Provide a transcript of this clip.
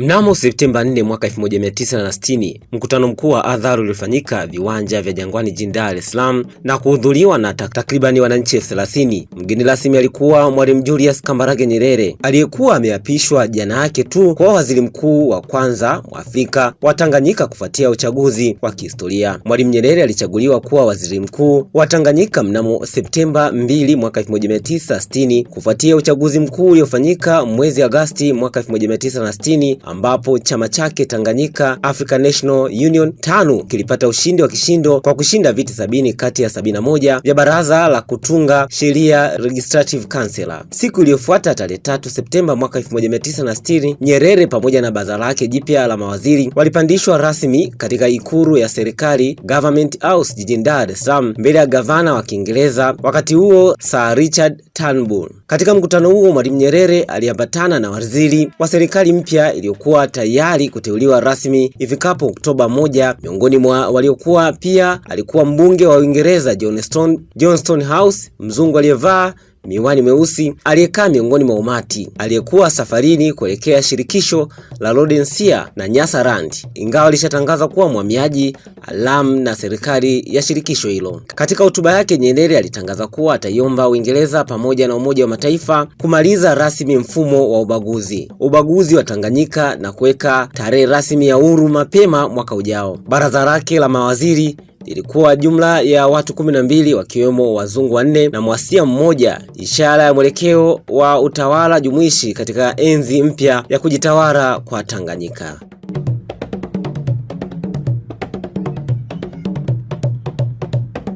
Mnamo Septemba 4 mwaka 1960, mkutano mkuu wa hadhara uliofanyika viwanja vya Jangwani jijini Dar es Salaam na kuhudhuriwa na takribani wananchi 30. Mgeni rasmi alikuwa Mwalimu Julius Kambarage Nyerere aliyekuwa ameapishwa jana yake tu kwa waziri mkuu wa kwanza Afrika wa Tanganyika kufuatia uchaguzi wa kihistoria. Mwalimu Nyerere alichaguliwa kuwa waziri mkuu wa Tanganyika mnamo Septemba 2 mwaka 1960 kufuatia uchaguzi mkuu uliofanyika mwezi Agosti mwaka 1960 ambapo chama chake Tanganyika African National Union TANU kilipata ushindi wa kishindo kwa kushinda viti sabini kati ya sabini na moja vya baraza la kutunga sheria Legislative Council. Siku iliyofuata tarehe tatu Septemba mwaka 1960 Nyerere pamoja na baraza lake jipya la mawaziri walipandishwa rasmi katika ikuru ya serikali Government House jijini Dar es Salaam mbele ya gavana wa Kiingereza wakati huo Sir Richard Turnbull. Katika mkutano huo Mwalimu Nyerere aliambatana na waziri wa serikali mpya iliyo waliokuwa tayari kuteuliwa rasmi ifikapo Oktoba moja. Miongoni mwa waliokuwa pia alikuwa mbunge wa Uingereza Johnston House mzungu aliyevaa miwani meusi aliyekaa miongoni mwa umati aliyekuwa safarini kuelekea shirikisho la rodensia na nyasa Nyasaland, ingawa alishatangaza kuwa mhamiaji alamu na serikali ya shirikisho hilo. Katika hotuba yake, Nyerere alitangaza kuwa ataiomba Uingereza pamoja na Umoja wa Mataifa kumaliza rasmi mfumo wa ubaguzi ubaguzi wa Tanganyika na kuweka tarehe rasmi ya uhuru mapema mwaka ujao. Baraza lake la mawaziri ilikuwa jumla ya watu kumi na mbili wakiwemo wazungu wanne na mwasia mmoja, ishara ya mwelekeo wa utawala jumuishi katika enzi mpya ya kujitawala kwa Tanganyika.